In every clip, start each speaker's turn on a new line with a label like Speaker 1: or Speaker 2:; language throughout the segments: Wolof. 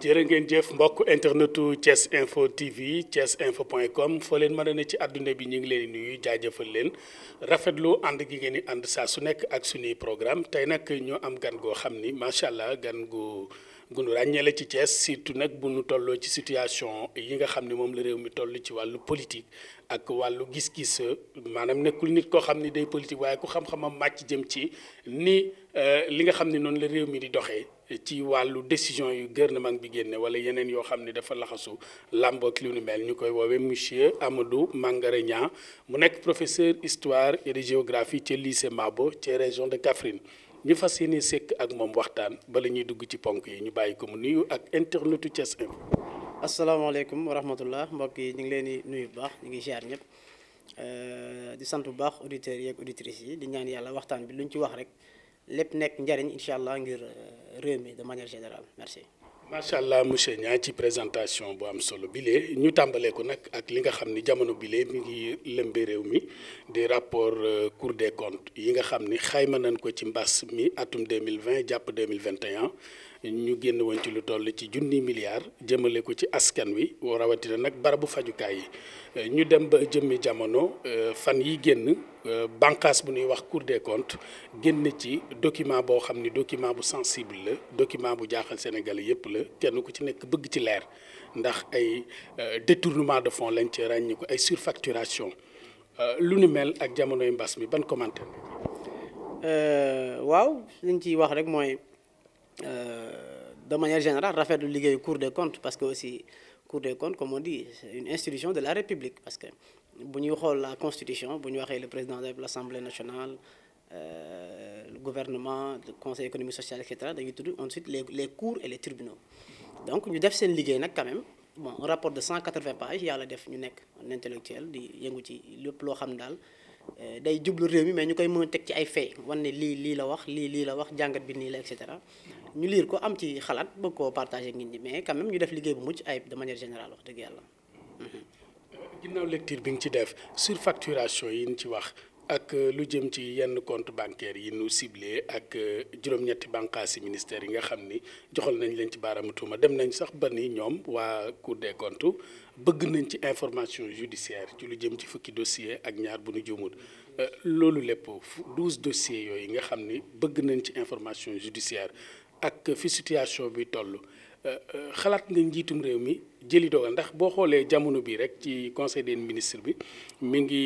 Speaker 1: jërë ngeen jëf mbokk internetu Thiès Info TV Thiès Info point com foo leen mën a ne ci àdduna bi ñu ngi leen di nuyu jaajëfal leen rafetlu ànd gi ngeen di ànd saa su nekk ak suñuy programme tey nag ñoo am gan goo xam ni macha allah gan gu gu nu ràññeele ci Thiès surtout nag bu nu tolloo ci situation yi nga xam ne moom la réew mi toll ci wàllu politique. ak wàllu gis-gis maanaam nekkul nit koo xam ni day politique waaye ku xam-xamam màcc jëm ci ni euh, li nga xam ne noonu la réew mi di doxee ci wàllu décision yu gouvernement bi génne wala yeneen yoo xam ne dafa laxasu làmb ak lu mel ñu koy woowee monsieur Amadou Mangara Niang mu nekk professeur histoire et de géographie ca lycée Mabo ca région de Kaffrine ñu fas yéene sekk ak moom waxtaan bala ñuy dugg ci ponk
Speaker 2: yi ñu bàyyi ko mu nuyu ak internetu Thiès Info. asalaamaaleykum wa rahmatullah mbokk yi ñu ngi leen di nuyu bu baax ñu ngi ziar ñëpp euh, di sant bu baax auditeurs yi ak auditrices yi di ñaan yàlla waxtaan bi luñ ci wax rek lépp nekk réew mi de manière générale
Speaker 1: macha allah monsieur Niang ci présentation bu am solo bile ñu tàmbalee ko nag ak li nga xam ni jamono bile mi ngi lëmbe réew mi di rapport euh, Cour de comptes yi nga xam ni xayma nañ ko ci mbas mi atum deux mille vingt jàpp deux mille vingt et ñu génn woon ci lu toll ci junni milliards jëmale ko ci askan wi rawatina nag barabu fajukaay yi ñu dem ba jëmmi jamono euh, fan yi génn. Euh, bànqaas bu nuy wax cour des comptes génn ci document boo xam ni document bu sensible la document bu jaaxal Sénégalais yëpp la kenn ko ci nekk bëgg ci leer ndax ay euh, détournement de fonds lañ ci ràññi ko ay surfacturation euh, lu nu mel ak jamonoy mbas mi ban commentaire
Speaker 2: waaw liñ ciy wax rek mooy de manière générale rafetlu liggéeyu cour des comptes parce que aussi cour des comptes comme on dit c'est une institution de la république parce que bu ñuy xool la constitution bu ñu waxee le président de l'Assemblée nationale euh, le gouvernement le conseil économique social et cetera dañuy tudd ensuite les les cours et les tribunaux donc ñu def seen liggéey nag quand même bon rapport de 180 yàlla def ñu nekk un intellectuel di yëngu ci lépp loo xam daal euh, day jublu réew mi mais ñu koy mën teg ci ay faits wan ne lii lii la wax lii lii la wax jàngat bi nii la et cetera ñu liir ko am ci xalaat bëgg koo partager ak nit ñi mais quand même ñu def liggéey bu mucc ayib de manière générale wax dëgg yàlla. Mhm.
Speaker 1: ginnaaw lecture bi nga ci def surfacturation yi ñu ci wax ak euh, lu jëm ci yenn compte bancaire yi nu ciblé ak euh, juróom-ñetti bànqaas yi ministère yi nga xam ni joxal nañ leen ci baaraamu tuuma dem nañ sax ba ni ñoom waa Cour de comptes bëgg nañ ci information judiciaire ci lu jëm ci fukki dossier ak ñaar bu nu jumut euh, loolu lépp douze dossiers yooyu nga xam ni bëgg nañ ci information judiciaire ak fi situation bi toll Euh, euh, xalaat nga njiitum réew mi jëli dogal ndax boo xoolee jamono bi rek ci conseil des ministres bi mi ngi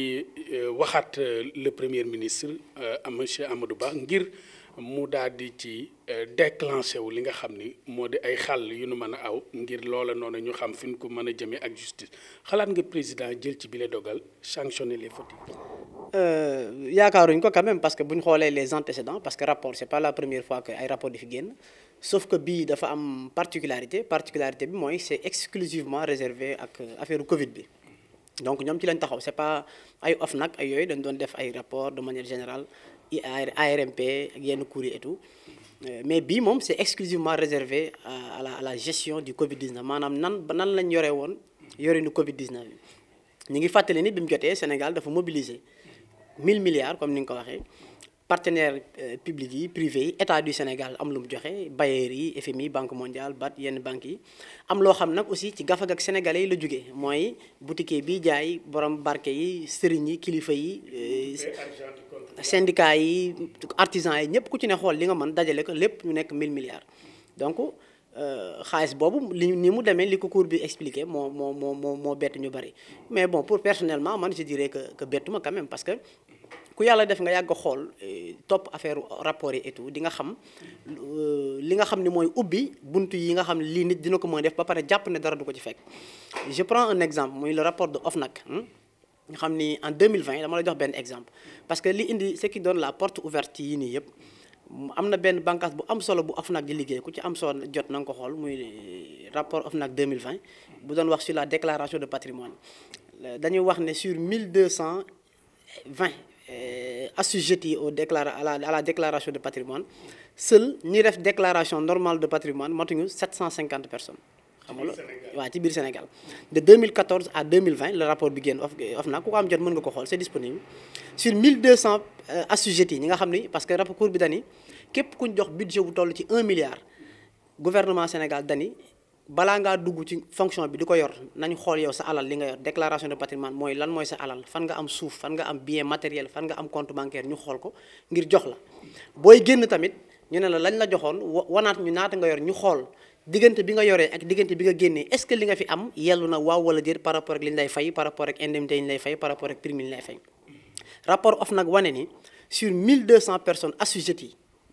Speaker 1: euh, waxaat le premier ministre monsieur du baax ngir mu daal di ci déclenché wu li nga xam ni moo di ay xàll yu nu mën a aw ngir loola noonu ñu xam fi ñu ko mën a jëmee ak justice xalaat nga
Speaker 2: président jël ci bile dogal sanctionner les fautifs. yaakaaruñ ko quand parce que bu xoolee les antécédents parce que rapport c'est pas la première fois que ay rapport sauf que bii dafa am particularité particularité bi mooy c'est exclusivement réservé ak euh, affaire Covid bi donc ñoom ci lañ taxaw c'est pas ay nag ay yooyu dañ doon def ay rapport de manière générale ARMP ak yenn cours yi euh, mais bii moom c'est exclusivement réservé à la à la gestion du Covid-19 maanaam nan ba nan lañ yore woon yorinu Covid-19 bi ñu ngi fàttali ni bi jotee Sénégal dafa mobiliser 1000 milliards comme ni nga ko waxee partenaires euh, publics yi privés yi état du Sénégal am lu mu joxe bailleurs yi FMI banque mondiale BAD yenn banques yi am loo xam nag aussi ci gafag ak sénégalais la jóge mooy boutiquier bii jaay borom barke yi sëriñ yi kilifa yi.
Speaker 1: Euh,
Speaker 2: syndicats yi artisans yi ñëpp ku ci ne xool li nga mën dajale ko lépp ñu nekk 1000 milliards. donc euh, xaalis boobu li nii mu demee li ko cour bi expliqué moo moo moo moo bett ñu bari mais bon pour personnellement man je dirais que que bettuma quand même parce que. ku yàlla def nga yàgg a xool eh, topp affaire rapport yi et tout di nga xam euh, li nga xam ni mooy ubbi buntu yi nga xam ne lii nit dina ko mën def ba pare jàpp ne dara du ko ci fekk. je prends un exemple muy le rapport de OFNAC hmm, nga xam ni en 2020 dama la jox benn exemple parce que li indi ce qui donne la porte ouverte yi nii yëpp. am na benn bànqaas bu am solo bu nag di liggéey ku ci am solo jot na ko xool muy eh, rapport OFNAC 2020 bu doon wax sur la déclaration de patrimoine dañuy wax ne sur 1220 Euh, assujettis au déclara à la à la déclaration de patrimoine seul ñi def déclaration normal de patrimoine matuñu 750 personnes. xam nga waaw ci biir Sénégal de 2014 à 2020 le rapport bi génn OFNAC ku ko am jot mën nga ko xool c'est disponible sur 1200 euh, ñi nga xam ni parce que rapport cour bi dani képp kuñ jox budget bu toll ci 1 milliard gouvernement Sénégal dani balaa ngaa dugg ci fonction bi di ko yor nañu xool yow sa alal li nga yor déclaration de patrimoine mooy lan mooy sa alal fan nga am suuf fan nga am bien matériel fan nga am compte bancaire ñu xool ko ngir jox la booy génn tamit ñu ne la lañ la joxoon wanaat ñu naata nga yor ñu xool diggante bi nga yoree ak diggante bi nga génnee est-ce que li nga fi am yellu na waaw wala déet par rapport ak li ñu lay fay par rapport ak indemnité yi fay par rapport ak prime yi ñu lay fay rapport OFNAC nag wane ni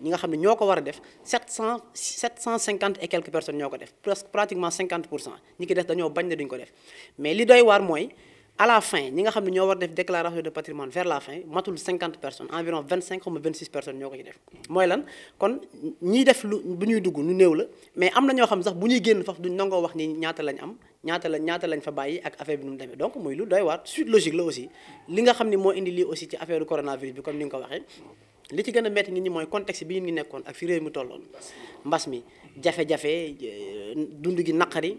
Speaker 2: ñi nga xam ne ñoo ko war a def 700 750 et quelques personnes ñoo ko def presque pratiquement 50 pour cent ñi ki des dañoo bañ ne duñ ko def mais li doy waar mooy à la fin ñi nga xam ne ñoo war def déclaration de patrimoine vers la fin matul 50 personnes environ 25 ou 26 personnes ñoo ko ci def mooy lan kon ñiy def lu bu ñuy dugg lu néew la mais am na ñoo xam sax bu ñuy génn faf duñ nangoo wax ni ñaata lañ am ñaata la ñaata lañ fa bàyyi ak affaire bi nu mu demee donc muy lu doy waar suite logique la aussi li nga xam ne moo indi lii aussi ci li ci gën a metti nit ñi mooy contexte bi ñu ngi nekkoon ak fi réew mi tolloon mbas mi jafe-jafe dund gi naqari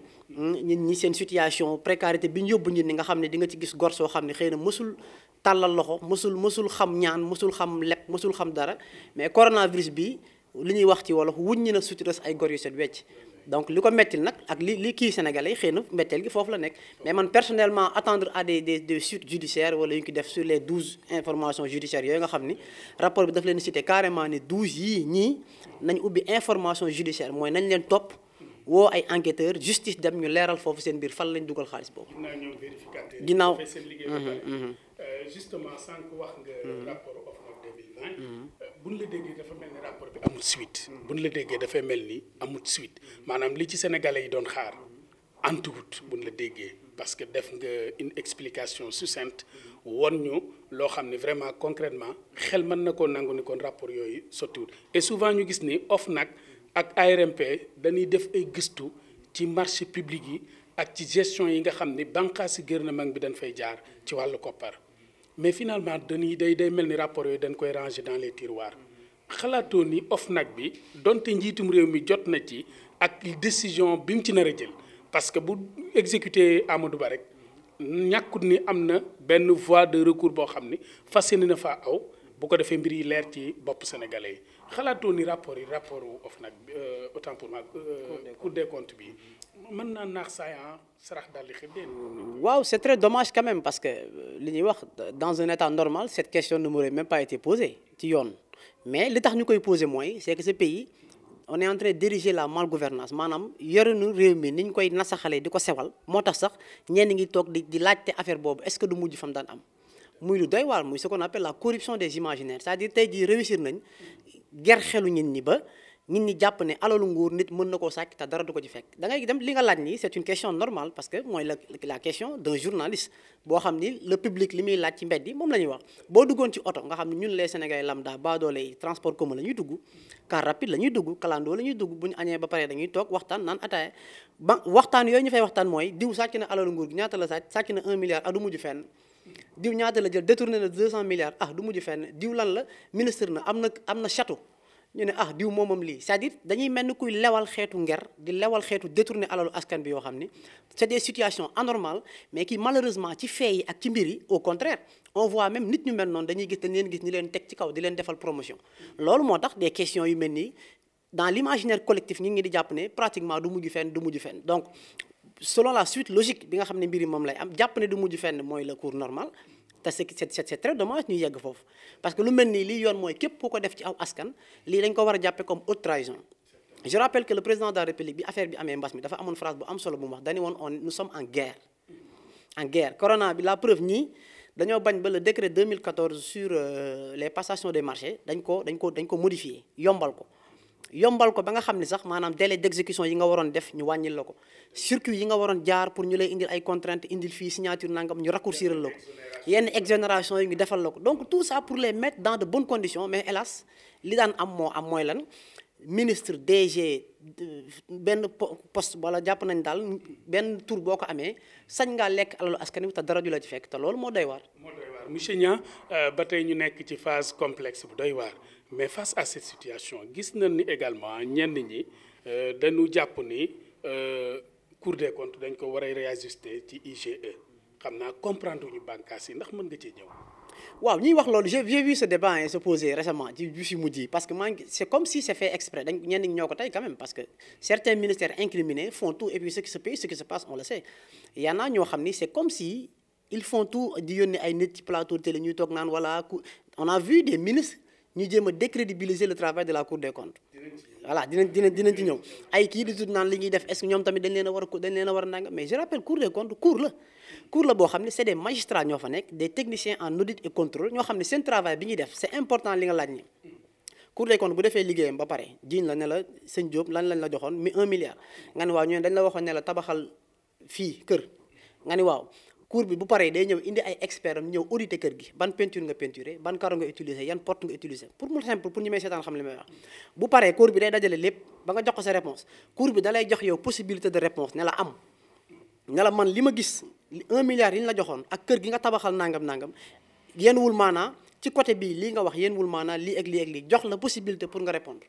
Speaker 2: nit ñi seen situation précarité bi ñu yóbbu nit ni nga xam ne di nga ci gis gor soo xam ne xëy na mësul tàllal loxo mësul mësul xam ñaan mësul xam leb mësul xam dara mais coronavirus bi li ñuy wax ci wolof wuñ na suturas ay gor yu set wecc donc li ko metti nag ak li li kii sénégalais yi xëy na mbetteel gi foofu la nekk mais man personnellement attendre à des de des suites judiciaires wala yu ñu ko def sur les douze informations judiciaires yooyu nga xam ni rapport bi daf leen cité carrément ne douze yii ñii nañ ubbi information judiciaire mooy nañ leen topp woo ay enquêteurs justice dem ñu leeral foofu seen biir fan lañ dugal xaalis boobu. ginnaaw ñëw vérificateur. ginnaaw mm-hmm, mm-hmm.
Speaker 1: Euh, justement sànq Mm-hmm. bu ñu la déggee dafa mel ni rapport bu ñu la déggee dafay mel ni amul suite maanaam li ci sénégalais yi doon xaar antuwut bu ñu la déggee parce que def nga une explication succincte woon ñu loo xam ne vraiment concrètement xel mën na koo nangu ni kon rapport yooyu sottiwut et souvent ñu gis nii ni nag ak ARMP dañuy def ay gëstu ci marché public yi ak ci gestion yi nga xam ni bànqaasi gouvernement bi dañ fay jaar ci wàllu koppar. mais finalement dañuy day day mel ni rapport yooyu dañ koy ranger dans les tiroirs xalaatoo ni nag bi donte njiitum réew mi jot na ci ak décision bi mu ci nar a jël parce que bu exécuté Amadou Ba rek ñàkkut ni am na benn voie de recours boo xam ni fas yéene na fa aw bu ko defee mbir yi leer ci bopp sénégalais yi xalaatoo ni rapport yi rapport OFNAC euh, nag pour moi euh, Cour des comptes bi mën naa naax saay sarax daal
Speaker 2: waaw c'est très dommage quand même parce que euh, li ñuy wax dans un état normal cette question ne m'aurait même pas été posée ci yoon mais li tax ñu koy posé mooy c'est que ce pays on est en train la mal la malgouvernance maanaam yorinu réew mi ni ñu koy nasaxalee di ko sewal moo tax sax ñenn ngi toog di di laajte affaire boobu est-ce que du mujj fam daan am muy lu doy waar muy ce qu'on appelle la corruption des imaginaires cest à tey jii réussir nañ ger xelu ñin ñi ba nit ñi jàpp ne alalu nguur nit mën na koo sàcc te dara du ko ci fekk da ngay dem li nga laaj nii c'est une question normale parce que mooy la la question d'un journaliste boo xam ni le public li muy laaj ci mbedd yi moom la ñuy wax boo duggoon ci oto nga xam ne ñun les sénégalais lambda baadoole yi transport commun la ñuy dugg car rapide la ñuy dugg kalandoo la ñuy dugg bu ñu añee ba pare dañuy toog waxtaan naan ataaya ba waxtaan yooyu ñu fay waxtaan mooy diw sàcc na alalu nguur gi ñaata la sàcc sàcc na 1 milliard adu ah mujj fenn diw ñaata la jël détourné ah fenn diw lan la ministre na am na am na château ñu ne ah diw moomam lii c'est-à-dire dañuy mel ni kuy lewal xeetu nger di lewal xeetu détourner alalu askan bi yoo xam ni c'est des situations anormales mais ki malheureusement ci fee ak ci mbir au contraire on voit même nit ñu mel noonu dañuy gis dañ leen gis ni leen teg ci kaw di leen defal promotion loolu moo tax des questions yu mel nii dans l'imaginaire collectif ñu ngi di jàpp ne pratiquement du mujj fenn du mujj fen donc selon la suite logique bi nga xam ne mbir yi moom lay am jàpp du mujj fenn mooy le cours normal te c'est très dommage ñu yegg foofu parce que lu mel nii lii yoon mooy képp ku ko def ci aw askan lii dañ ko war a jàppe comme haute trahison je rappelle que le président de bi affaire bi amee mbas mi dafa amoon phrase bu am solo bu mu wax dañu woon on nous sommes en guerre en guerre corona bi la preuve ñii dañoo bañ ba le décret 2014 sur euh, les passations des marché dañ ko dañ ko dañ ko modifier yombal ko yombal ko ba nga xam ni sax maanaam délai d'exécution yi nga waroon def ñu wàññil la ko circuit yi nga waroon jaar pour ñu lay indil ay contraintes indil fii signature nangam ñu raccourciral la ko yenn exonération yi ñu defal la ko donc tout ça pour les mettre dans de bonnes conditions mais li daan am moo am mooy lan ministre DG euh, benn poste wala jàpp nañ daal benn tur boo ko amee sañ ngaa lekk alalu askan wi dara du la ci fekk te loolu moo doy waar. moo
Speaker 1: doy euh, ba tey ñu nekk ci phase complexe bu doy waar. mais face à cette situation gis na ni également ñenn ñi euh, dañu jàpp ni euh, Cour des comptes dañ ko war a réajuster ci IGE xam naa comprendre ñu bànkaas yi ndax mën nga cee ñëw.
Speaker 2: waaw ñuy wax loolu j'ai vu ce débat hein, se poser récemment ci ju si mujj yi parce que maa c'est comme si c'est fait exprès dañ ñenn ñi ñoo ko tey quand parce que certains ministères incriminés font tout et puis ce qui se passe on le sait y en ñoo xam ni c'est comme si ils font tout di yónnee ay nit ci plateau télé ñuy toog naan voilà a vu des ñu jéem a décrédibiliser le travail de la cour des comptes voilà dinañ dinañ dinañ ci ñëw ay kii di tudd naan li ñuy def est ce que ñoom tamit dañ leen a war a a war a nanga mais je rappelle cour des comptes cour la cour la boo xam ne c' est des magistrats ñoo fa nekk des techniciens en audit et contrôle ñoo xam ne seen travail bi ñuy def c' est important li nga laaj ni cour des comptes bu defee liggéeyam ba pare jiiñ la ne la sëñ Diop lan lañ la joxoon mi un milliard nga ni waaw ñooñu dañ la waxoon ne la tabaxal fii kër nga ni waaw cour bi bu paree day ñëw indi ay expert am ñëw auditer kër gi ban peinture nga peinturer ban carreau nga utiliser yan porte nga utiliser pour mu simple pour ñu may seetaan xam li may wax bu paree cour bi day dajale lépp ba nga jox ko sa réponse cour bi da jox yow possibilité de réponse ne la am ne la man li ma gis un milliard yi ñu la joxoon ak kër gi nga tabaxal nangam nangam yéen wul maanaa ci côté bi lii nga wax yéen wul maanaa lii ak lii ak lii jox la possibilité pour nga répondre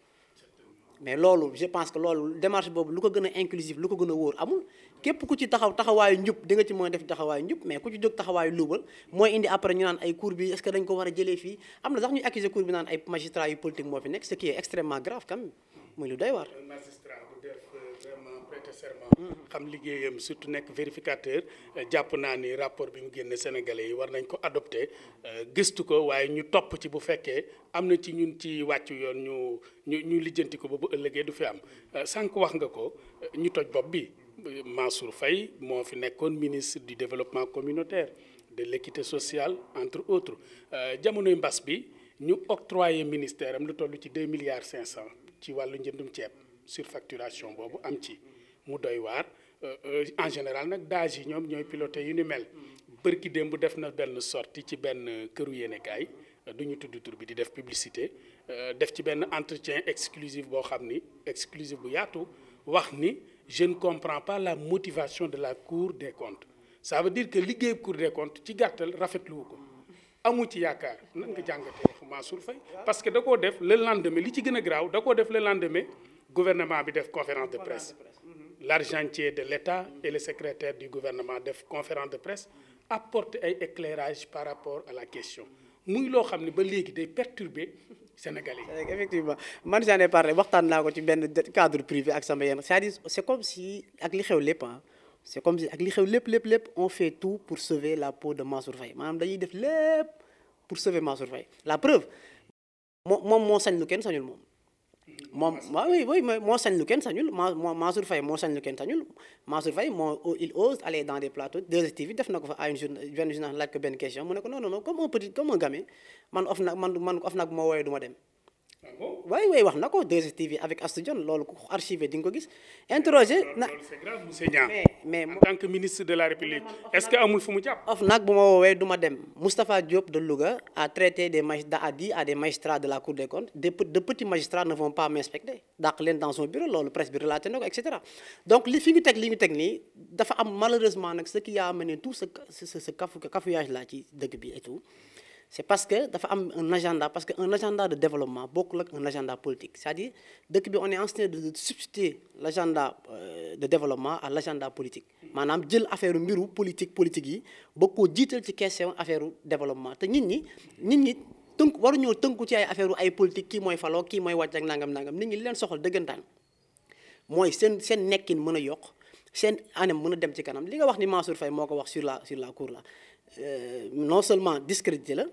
Speaker 2: mais loolu je pense que loolu démarche boobu lu ko gën a inclusive lu ko gën a wóor amul képp ku ci taxaw taxawaayu njub di nga ci mën a def taxawaayu njub mais ku ci jóg taxawaayu luubal mooy indi après ñu naan ay cour bi est dañ ko war a jëlee fii am na sax ñuy accuser cour bi naan ay magistrat yu politique moo fi nekk ce qui est extrêmement grave quand muy lu doy waar euh,
Speaker 1: prêter xam liggéeyam surtout nekk vérificateur jàpp naa ni rapport bi mu génne Sénégalais yi war nañ ko adopté gëstu ko waaye ñu topp ci bu fekkee am na ci ñun ci wàcc yoon ñu ñu ñu lijjanti ko ba bu ëllëgee du fi am sànq wax nga ko ñu toj bopp bi Mansour Faye moo fi nekkoon ministre du développement communautaire de l'équité sociale entre autres jamonoy mbas bi ñu octroyé ministère am lu toll ci deux milliards cinq cent ci wàllu njëndum ceeb surfacturation boobu am mu doy waar euh, euh, en général nag daaj yi ñoom ñooy piloté yu ni mel bërki démb def na benn sorti ci benn këru yéenekaay euh, du ñu tudd tur di def publicité def ci benn entretien exclusif boo xam ni exclusif bu yaatu wax ni je ne comprends pas la motivation de la cour des comptes ça veut dire que liggéey cour des comptes ci gàttal rafetlu wu ko amu ci yaakaar nan nga jàngatee waxu Mansour Faye parce que da koo def le lendemain li ci gën a graaw da koo def le lendemain gouvernement bi def conférence de presse l'argentier de l'État et le secrétaire du gouvernement def conférence de presse apporte ay éclairage par rapport à la question muy loo xam ne ba léegi day perturber
Speaker 2: Sénégalais yi. effectivement man j'en ai parlé waxtaan naa ko ci benn cadre privé ak sama yenn c'est-à-dire c'est comme si ak li xew lépp ah c'est comme si ak li xew lépp lépp lépp on fait tout pour sauver la peau de Mansour Faye maanaam dañuy def lépp pour sauver Mansour Faye la preuve moom moo sañ kenn sañul moom. moom waaw oui oui moo sañ lu kenn sañul maa Mansour Faye moo sañ lu kenn sañul Mansour Faye moo il ose aller dans des plateaux 2STV def na ko a à une journée benn benn question mu ne ko non non non comme petit comme un gamin man of nag man of nag moo woowee du ma dem waaye ah waaye wax na ko 2STV avec Astou loolu ku archivé di nga ko gis interrogé na mais mais en tant que ministre de ce que amul fu mu of nag bu ma woowee du ma dem Moustapha Diop de a traité des magistrats à des magistrats de la Cour des comptes des de petits magistrats ne vont pas m'inspecter dàq leen dans son bureau loolu presse bi relaté na ko et cetera donc li fi mu teg li ñu teg nii dafa am malheureusement nag ce qui a amené tout ce ce ce cafouillage là ci dëkk bi et tout c'est parce que dafa am un agenda parce que un agenda de développement bokkul ak un agenda politique cest à dëkk bi on est en train de substituer l'agenda euh, de développement à l'agenda politique maanaam jël affaire mbiru politique politique yi bokk koo jiital ci question affaire développement te nit ñi nit ñi tënk waruñoo tënku ci ay affaire ay politique kii mooy faloo kii mooy wàcc ak nangam nangam nit ñi leen soxal dëggantaan mooy seen seen nekkin mën a yokk seen anam mën a dem ci kanam li nga wax ni Mansour Faye moo ko wax sur la sur la cour là euh, seulement discrédité la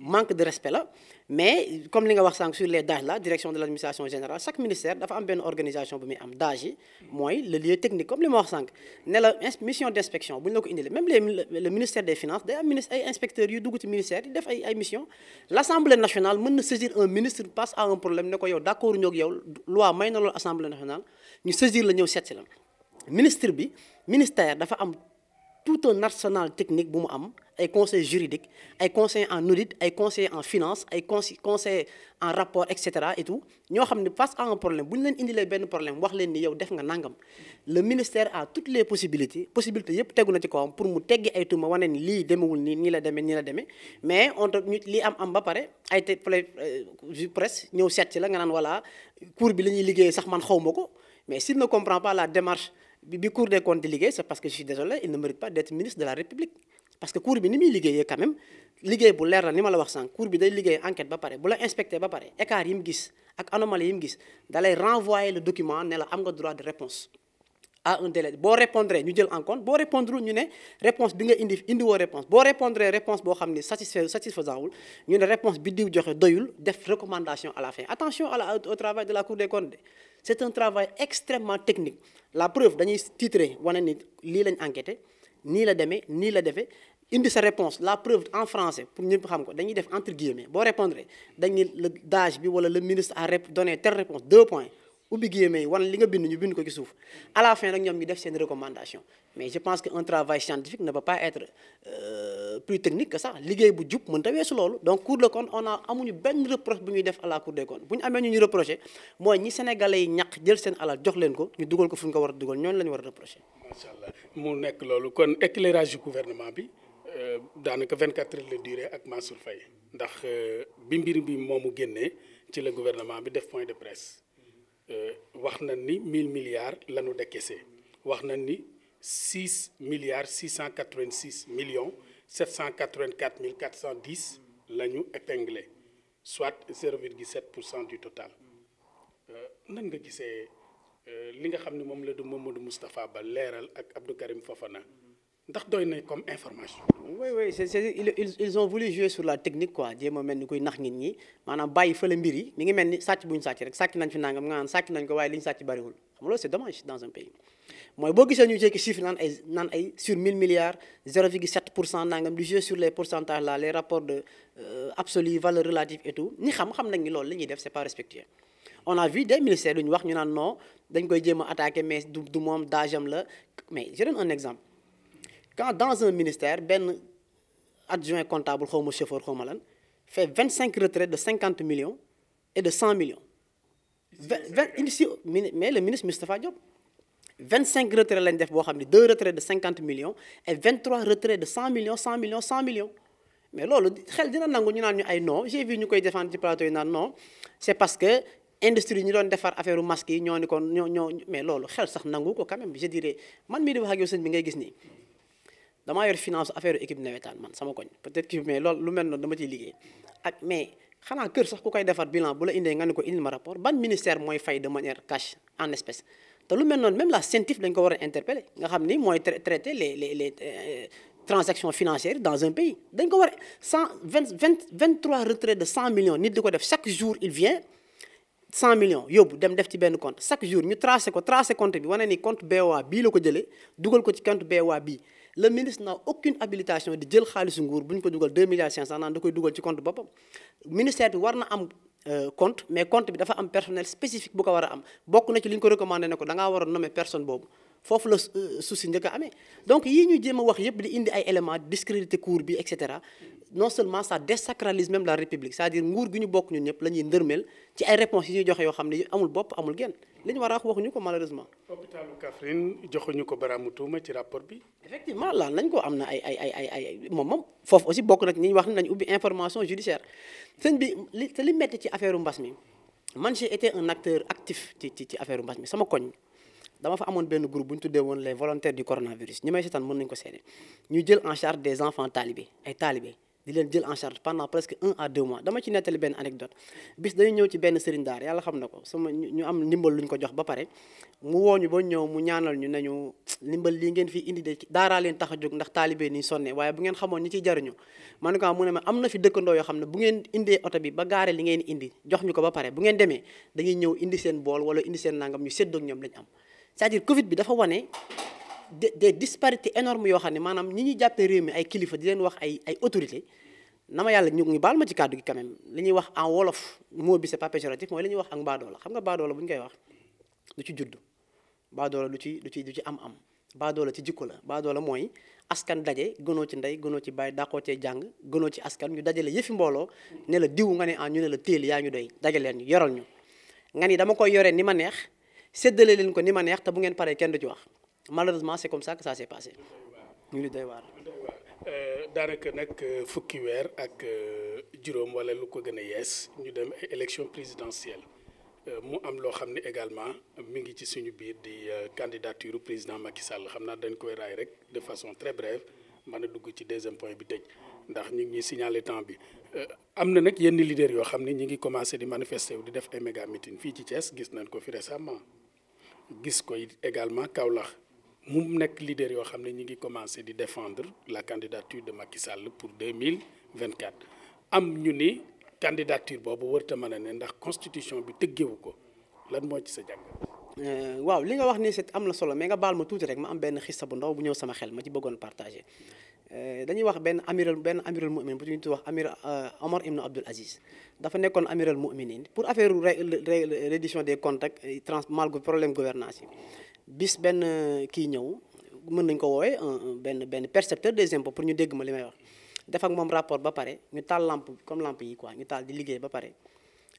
Speaker 2: manque de respect la mais comme li nga wax sànq sur les DAGE la direction de l' administration générale chaque ministère dafa am benn organisation bu muy am DAGE yi mooy le lieu technique comme li ma wax sànq ne mission d' bu ñu la ko indilee même les ministère des finances day am ministre ay inspecteurs yu dugg ministère yi def ay mission l' nationale mën na saisir un ministre passe à un problème ne ko yow d' accord ñoo tout un arsenal technique bu mu am ay conseil juridique ay conseil en audit ay conseil en finance ay conse conseil en rapport et cetera ñoo xam ne face à un problème bu ñu leen indilee benn problème wax leen ni yow nga nangam le ministère a les possibilités possibilités yëpp tegu na ci kawam pour mu teggi ay tuuma wane ni lii demewul nii nii la demee nii la demee mais on ñu lii am am ba pare ay te euh, presse ñëw seet ci la nga naan voilà cour bi lañuy ñuy liggéeyee sax man xaw ma ko mais s'il ne comprend pas la démarche bi bi des comptes di liggéey c'est parce que je suis désolé il ne de la république parce que cour bi ni muy liggéeyee quand liggéey bu leer la ni ma la wax sànq cour bi day liggéey enquête ba pare bu la inspecté ba pare écart yi mu gis ak anomalie yi mu gis dalay renvoyer le document ne am nga droit de réponse à un boo répondre ñu jël en compte boo répondre ñu ne réponse bi nga indi indiwoo réponse boo répondre réponse boo xam ne satisfait satisfaisant wul ñu ne réponse bi diw joxe doyul def recommandation à la fin attention à la au travail de la Cour des comptes c'est un travail extrêmement technique la preuve dañuy titrer wane ni lii lañ enquêté nii la demee nii la defee indi sa réponse la preuve en français pour ñëpp xam ko dañuy def entre guillemets boo répondre dañ ni le bi wala le ministre a donné telle réponse deux ubbi guillemets wan li nga bind ñu bind ko ci suuf à la fin nag ñoom ñu def seen recommandation mais je pense que un travail scientifique ne peut pas être euh, plus technique que liggéey bu jub mën ta weesu loolu donc cour des comptes on a amuñu benn reproche bu ñuy def à la cour des comptes bu ñu amee ñu ñu reproché mooy ñi sénégalais yi ñàkk jël seen alal jox leen ko ñu dugal ko fu ñu ko war a dugal ñooñu la ñu war a reproché macha allah mu nekk loolu kon éclairage du gouvernement bi
Speaker 1: euh, daanaka 24 heures la durée ak Mansour Faye ndax euh, bi mbir bi moomu génnee ci la gouvernement bi def point de presse Euh, wax na ni mille milliards la ñu décaissé wax na ni six milliards six cent quatre vingt six millions sept cent quatre vingt quatre mille quatre cent dix la ñu épinglé soit zéro virgule sept pour cent du total euh, nan nga gisee euh, li nga xam ne moom la du Mamadou Moustapha Ba leeral ak Abdou Karim Fofana. ndax doy nañ comme information.
Speaker 2: oui oui c'est c'est ils ils ont voulu jouer sur la technique quoi jéem a mel ni kuy nax nit ñi maanaam bàyyi fële mbir yi mi ngi mel ni sàcc bu sàcc rek sàcc nañ fi nangam nga naan sàcc nañ ko waaye li sàcc bariwul xam nga loolu c'est dommage dans un pays mooy boo gisee ñu jekki chiffre naan ay naan ay sur milliards nangam di jouer sur les pourcentages là les rapports de euh, absolu valeur relative et tout ñi xam xam nañ ni loolu def c'est quand dans un ministère benn adjoint comptable xaw ma chauffeur xaw ma lan fait vingt cinq retraites de cinquante millions et de cent million vingt ici mais le ministre Moustapha Diop. vingt cinq retraites lañ def boo xam ne deux retraites de cinquante millions et vingt trois retraites de cent millions cent millions mais loolu xel dina nangu ñu naan ñu ay non j'ai vu ñu koy défendre ci plateau yi naan non c'est parce que industrie yi ñu doon defar affaire masque yi ñoo ni kon ñoo ñoo mais xel sax nangu ko man mii di wax ak yow sëñ gis nii. damaa yor finance affaire équipe nawetaan ku koy defar bu la indee nga ne ko indil ma rapport ban ministère mooy fay de manière cash dañ ko war a interpeller nga xam ni mooy traiter les les les euh, dans un pays dañ ko war a cent vingt vingt vingt trois retraits de cent millions nit di ko def chaque jour il vient. 100 millions yóbbu dem def ci benn compte chaque jour ñu tracé ko tracé compte bi wane ni compte BOA bii la ko jëlee dugal ko ci compte BOA bii le ministre n'a aucune habilitation di jël xaalisu nguur bu ñu ko dugal 2 milliards 500 naan da koy dugal ci compte boppam ministère bi war na am euh, compte mais compte bi dafa am personnel spécifique bu ko war a am bokk na ci li ñu ko recommandé ne ko da ngaa war a nommer personne boobu foofu la euh, souci njëkk amee donc yii ñu jéem a wax yëpp di indi ay élément discrédité cour bi et cetera non seulement ça désacralise même la république cest dire gi ñu bokk ñun la ñuy ndërmeel ci ay réponses yi joxe yoo xam ne amul bopp amul genn li ñu war a wax waxuñu ko malheureusement. hôpitalu Kaffrine joxuñu ko baraamu tuuma ci rapport bi. effectivement laal nañ ko am na ay ay ay ay ay foofu aussi bokk nag ñi ñu wax ne nañu ubbi information judiciaire sëñ bi li li metti ci affaire mbas mi man j'ai été un acteur actif ci ci ci affaire mbas mi sama koñ dama fa amoon benn groupe bu ñu tuddee woon les volontaires du coronavirus ñi may seetaan mën nañu ko seede ñu jël en charge des enfants talibés ay taalibe di leen jël en charge pendant presque un à deux mois dama ci nettali benn anecdote bis dañu ñëw ci benn sëriñ daar yàlla xam na ko sama ñu am ndimbal luñ ko jox ba pare mu wooñu ba ñëw mu ñaanal ñu nañu ndimbal lii ngeen fi indi de daaraa leen tax a jóg ndax taalibe ni sonne waaye bu ngeen xamoon ñi ci jariñu man ko mu ne ma am na fi dëkkandoo yoo xam ne bu ngeen indee oto bi ba gaare li ngeen indi jox ñu ko ba pare bu ngeen demee dañuy ñëw indi seen bool wala indi seen nangam ñu séddoog ñoom lañ am c'est-à-dire covid bi dafa des disparité énormes yoo xam ne maanaam ñi ñuy jàppee réew mi ay kilifa di leen wax ay ay autorité na ma yàlla ñu ñu baal ma ci kàddu gi quand même li ñuy wax en wolof moo bi c'est pas péjoratif mooy li ñuy wax ak baadoola xam nga baadoola bu ñu koy wax du ci juddu baadoola lu ci lu ci du ci am-am baadoola ci jikko la baadoola mooy askan daje gënoo ci ndey gënoo ci bàyyi dàqoo cee jàng gënoo ci askan ñu dajale yëfi mbooloo ne la diw nga ne ah ñu ne la téel yaa ñu doy dajaleen ñu yoral ñu nga ni dama koy yoree ni ma neex séddale leen ko ni ma neex bu ngeen paree kenn du ci wax malheureusement c'est comme ça que ça s'est passé ñu ngi doy waar.
Speaker 1: Euh, daanaka nag euh, fukki weer ak euh, juróom wala lu ko gën a yees ñu dem ay élection présidentielle mu am loo xam ne également mu ngi ci suñu biir di candidature président Macky Sall xam naa dañ koy raay rek de façon très brève mën a dugg ci deuxième point bi tëj ndax ñu ngi ñuy signaler temps bi am na nag yenn leader yoo xam ne ñu ngi commencé di manifester wu di def ay méga meeting fii ci Thiès gis nañ ko fi récemment gis ko également Kaolack. mu nekk leader yoo xam ne ñu ngi commencé di défendre la candidature de Macky Sall pour deux mille vingt quatre am ñu ni candidature boobu warta mën a ne ndax
Speaker 2: constitution bi tëggewu
Speaker 1: ko lan moo ci sa jàngat.
Speaker 2: Euh, waaw li nga wax ni c'est am na solo mais nga baal ma tuuti rek ma am benn xista bu ndaw bu ñëw sama xel ma ci bëggoon partagé euh, dañuy wax benn amiral benn amiral mu'minin bu ñuy wax amir euh, Omar ibn Abdul Aziz dafa nekkoon amiral mu'minin pour affaire reddition des comptes ak trans problème gouvernance yi bis benn euh, ki ñëw mën nañ ko woowee benn benn percepteur des impôts pour ñu dégg ma li may wax def ak moom rapport ba pare ñu taal lamp comme lamp yi quoi ñu taal di liggéey ba pare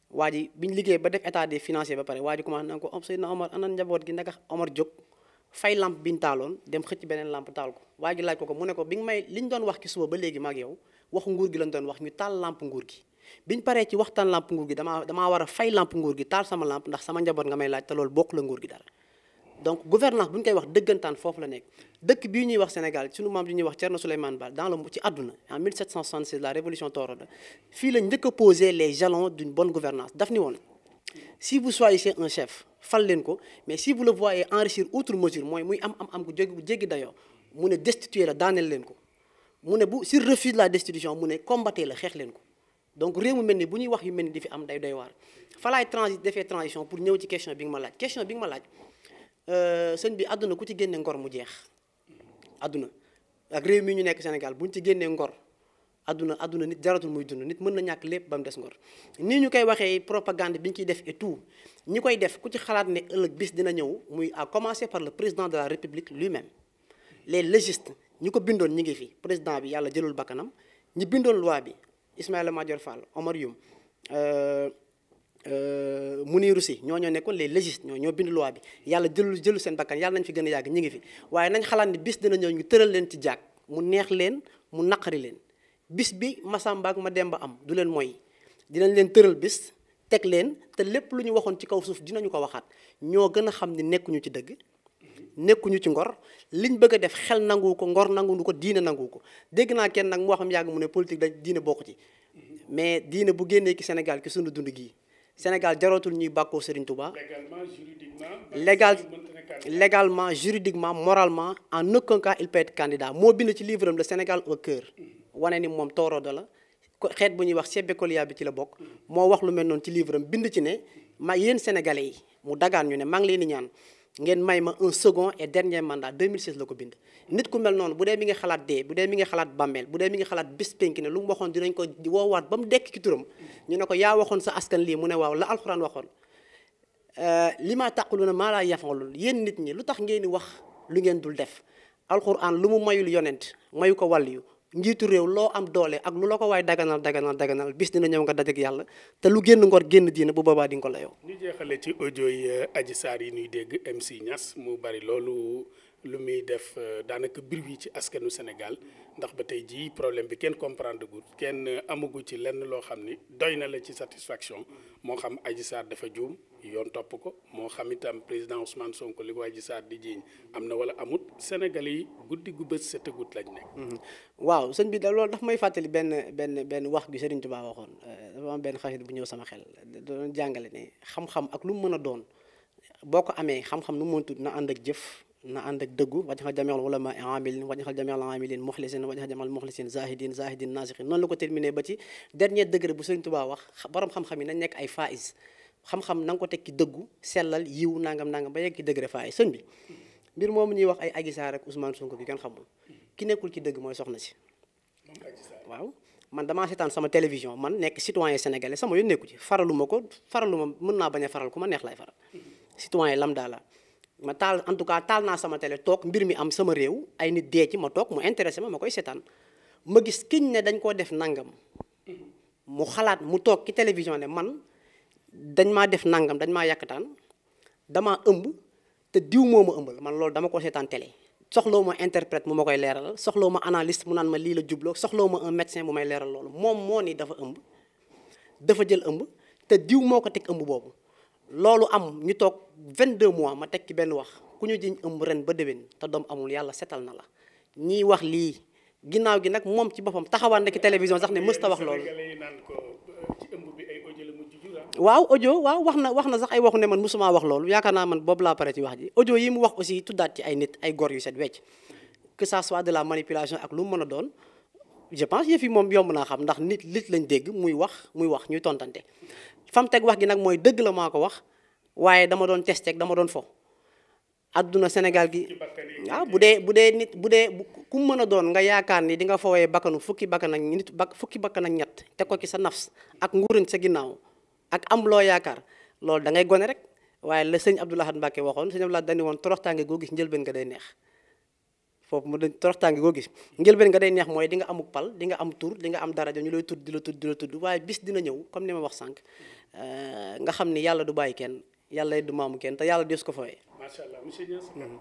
Speaker 2: waa ji bi ñu liggéey ba def état des financiers pare waa ji commencé na ko oh, Seydina Omar ana njaboot gi naka Omar jóg fay lamp bi ñu taaloon dem xëcc beneen lamp taal ko waa ji laaj ko ko mu ne ko bi nga may li ñu doon wax ci suba ba léegi maag yow waxu nguur gi lañ doon wax ñu taal lamp nguur gi biñ paree ci waxtaan lamp nguur gi damaa damaa war a fay lamp nguur gi taal sama lamp ndax sama njaboot nga may laaj te loolu bokk la nguur gi dara donc gouvernance bu ñu koy wax dëggantaan foofu la nekk dëkk bii ñuy wax Sénégal sunu maam bi ñuy wax Thierno Souleymane Baal dans le ci àdduna en 1776 la révolution Torodo fii lañ njëkk a posé les jalons d'une bonne gouvernance daf ni woon si vous choisissez un chef fal leen ko mais si vous le voyez enrichir outre mesure mooy muy am am am gu jéggi bu jéggi dayoo mu ne destituer la daaneel leen ko mu ne bu s'il refuse la destitution mu ne combattre la xeex leen ko donc réew mu mel ni bu ñuy wax yu mel ni di am day doy waar falaay transi defee transition pour ñëw ci question bi nga bi nga ma laaj Euh, sëñ bi àdduna ku ci génne ngor mu jeex àdduna ak réew mi ñu nekk Sénégal bu ñu ci génnee ngor àdduna àdduna nit jaratul muy dund nit mën na ñàkk lépp ba mu des ngor nii ñu koy waxee propagande bi ñu ciy def et tout ñi koy def ku ci xalaat ne ëllëg bis dina ñëw muy à commencer par le président de la République lui-même les légistes ñi ko bindoon ñi ngi fi président bi yàlla jëlul bakkanam ñi bindoon loi bi Ismaïla Madior Fall Omar euh, Euh, Mounirou Sy ñoo ñoo nekkoon les légistes ñoo ñoo bind loi bi yàlla jëlu jëlu seen bakkan yàlla nañ fi gën a yàgg ñu ngi fi waaye nañ xalaat ni bis dina ñëw ñu tëral leen ci jàkk mu neex leen mu naqari leen bis bi Masamba ak ba am du leen mooy dinañ leen tëral bis teg leen te lépp lu ñu waxoon ci kaw suuf dinañu ko waxaat ñoo gën a xam ni nekkuñu ci dëgg nekkuñu ci ngor liñ bëgg a def xel nangu ko ngor nangu ko diina nangu ko dégg naa kenn nag moo xam yàgg mu ne politique dañ diine bokk ci mais diine bu génnee ci Sénégal ki dund gii Sénégal jarootul ñuy bàkkoo Serigne Touba. légal légalement juridiquement moralement en aucun cas il peut être candidat moo bind ci livre am Sénégal au cœur wane ni moom tooroodo la xeet bu ñuy wax Sébecolia bi ci la bokk moo wax lu mel noonu ci livre bind ci ne ma yéen sénégalais yi mu dagaan ñu ne maa ngi leen di ñaan. ngeen may ma un second et dernier mandat 2006 la ko bind nit ku mel noonu bu dee mi ngi xalaat dee bu dee mi ngi xalaat bàmmeel bu dee mi ngi xalaat bis penk ne lu mu waxoon dinañ ko woowaat ba mu dekk ci turam ñu ne ko yaa waxoon sa askan lii mu ne waaw la alxuraan waxoon euh, li maa taquluna maa laa yafalun yéen nit ñi lu tax ngeen di wax lu ngeen dul def alxuraan lu mu mayul yonent mayu ko wàlliyu njiitu réew loo am doole ak lu la ko waaye daganal daganal daganal bis dina ñëw nga dajeek yàlla te lu génn ngor génn diina bu boobaa di nga ko layoo.
Speaker 1: ñu jeexale ci audio yi saar eh, Sarr yi ñuy dégg MC Niass mu bari loolu lu muy def eh, daanaka bir wi ci askanu Sénégal. ndax ba tey jii problème bi kenn comprendre gu kenn amagu ci lenn loo xam ni doy na la ci satisfaction moo xam Adji Sarr dafa juum yoon topp ko moo xam itam président Ousmane sonk li ko Adji di jiiñ am na wala amut Sénégalais yi guddi gu bës setagut lañ nekk.
Speaker 2: Mhm. waaw sëñ bi da loolu daf may fàttali benn benn benn wax gi bi Serigne Touba waxoon euh, dafa am benn xarit bu ñëw sama xel doon jàngale ne xam-xam ak lu mu mën a doon boo ko amee xam-xam nu na ànd ak jëf. na ànd ak dëggu wajxal jameel ulama amilin wajxal jameel amilin muxlisin wajxal jameel muxlisin zahidin zahidin naasixin noonu la ko terminé ba ci dernier degré bu Sëriñ Tuubaa wax borom xam-xam yi nañ nekk ay faïs xam-xam na nga ko teg ci dëggu sellal yiw nangam nangam ba yegg ci degré faïs sëñ bi mbir moomu ñuy wax ay Adji rek ak Ousmane Sonko bi kenn xamul ki nekkul ci dëgg mooy soxna si waaw man damaa seetaan sama télévision man nekk citoyen sénégalais sama yoon nekku ci faraluma ko faraluma mën naa bañ a faral ku ma neex lay faral ma taal en tout cas taal naa sama tele toog mbir mi am sama réew ay nit dee ci ma toog mu intéressé ma ma koy seetaan ma gis kiñ ne dañ koo def nangam mu xalaat mu toog ci télévision ne man dañ maa def nangam dañ maa yàkkataan damaa ëmb te diw moo ma ëmbal man loolu dama ko seetaan télé. soxloo ma interprète mu ma koy leeral soxloo ma analyste mu naan ma lii la jubloo soxloo ma un médecin mu may leeral loolu moom moo nii dafa ëmb dafa jël ëmb te diw moo ko teg ëmb boobu. loolu am ñu toog vingt 22 mois ma teg ki benn wax ku ñu jiñ ëmb ren ba déwén te doom amul yàlla setal na la ñiy wax lii ginnaaw gi nag moom ci boppam taxawaan na ci télévision sax ne mës ta wax loolu.
Speaker 1: Euh, ah. waaw
Speaker 2: audio waaw wax na wax na sax ay waxu ne man mosuma wax loolu yaakaar naa man boobu laa pare ci wax ji audio yi mu wax aussi tuddaat ci ay nit ay gor yu set wecc que ça soit de la manipulation ak lu mu mën a doon. je pense yëf moom yomb naa xam ndax nit lit lañ dégg muy wax muy wax ñuy tontante fam teg wax gi nag mooy dëgg la maa ko wax waaye dama doon test ak dama doon fo adduna Sénégal gi waaw bu dee bu dee nit bu dee ku mën a doon nga yaakaar ni di nga fowee bakkanu fukki bakkan ak nit ba fukki bakkan ak ñett teg ko ci sa nafs ak nguuruñ sa ginnaaw ak am loo yaakaar loolu da ngay gone rek waaye la sëñ Abdoul Ahad waxoon sëñ Abdoul Ahad dañu woon toroxtaange goo gis njëlbeen nga day neex foofu mu dañ torox tàngi goo gis njëlbeen nga day neex mooy di nga amuk pal di nga am tur di am daraja ñu lay tudd di la tudd di la tudd waaye bis dina ñëw comme ni ma wax sànq euh, nga xam ni yàlla du bàyyi kenn yàlla du maamu kenn te yàlla dees ko fawee.
Speaker 1: macha allah monsieur mhm.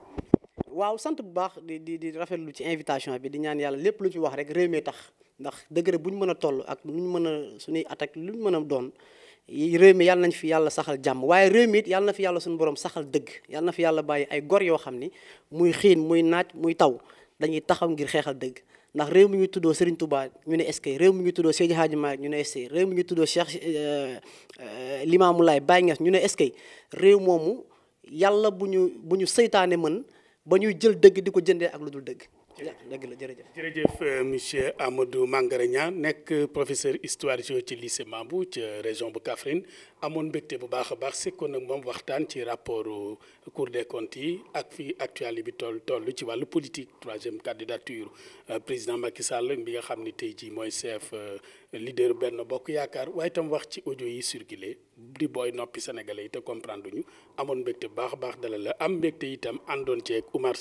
Speaker 2: waaw sant bu baax di di di lu ci invitation bi di ñaan yàlla lépp lu ci wax rek réew mi tax ndax degré bu ñu mën a toll ak lu ñu mën a suñuy attaque lu ñu mën a doon réew mi yàlla nañ fi yàlla saxal jàmm waaye réew mi it yàlla na fi yàlla suñ borom saxal dëgg yàlla na fi yàlla bàyyi ay gor yoo xam ni muy xiin muy naaj muy taw dañuy taxaw ngir xeexal dëgg ndax réew mi ñu tuddoo Serigne Touba ñu ne est-ce que réew mi ñu tuddoo Seydi Hadji Malick ñu ne est réew mi ñu tuddoo Cheikh euh, euh, Limamou Laye Baye Niass ñu ne est réew moomu yàlla bu ñu bu ñu seytaanee mën ba ñuy jël dëgg di ko jëndee ak lu dul dëgg
Speaker 1: dëgg la jërëjëf jërëjëf euh, monsieur Amadou Mangara Niang nekk professeur histoire géo ci lycée Mambou ci région bu Kaffrine amoon mbégte bu baax a baax sekkoon ak moom waxtaan ci rapport Cour de comptes yi ak fii actualité bi toll toll ci wàllu politique troisième candidature euh, président Macky Sall bi nga xam ne tey jii mooy chef euh, leader benn bokk yaakaar waaye itam wax ci audio yi circulé di booy noppi sénégalais yi te comprendre ñu amoon mbégte bu baax a baax dala la am mbégte itam àndoon ceeg Oumar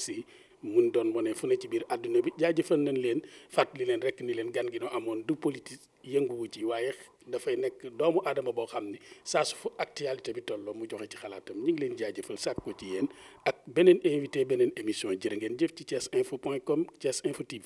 Speaker 1: mun doon wane fu ne ci biir àdduna bi jaajëfal nañ leen fàttali leen rek ni leen gan gi noo amoon du politique yënguwu ci waaye dafay nekk doomu aadama boo xam ne saa su fu actualité bi tolloo mu joxe ci xalaatam ñu ngi leen jaajëfal sàkk ko ci yéen ak beneen invité beneen émission jër ngeen jëf ci Thiès info point com Thiès info TV.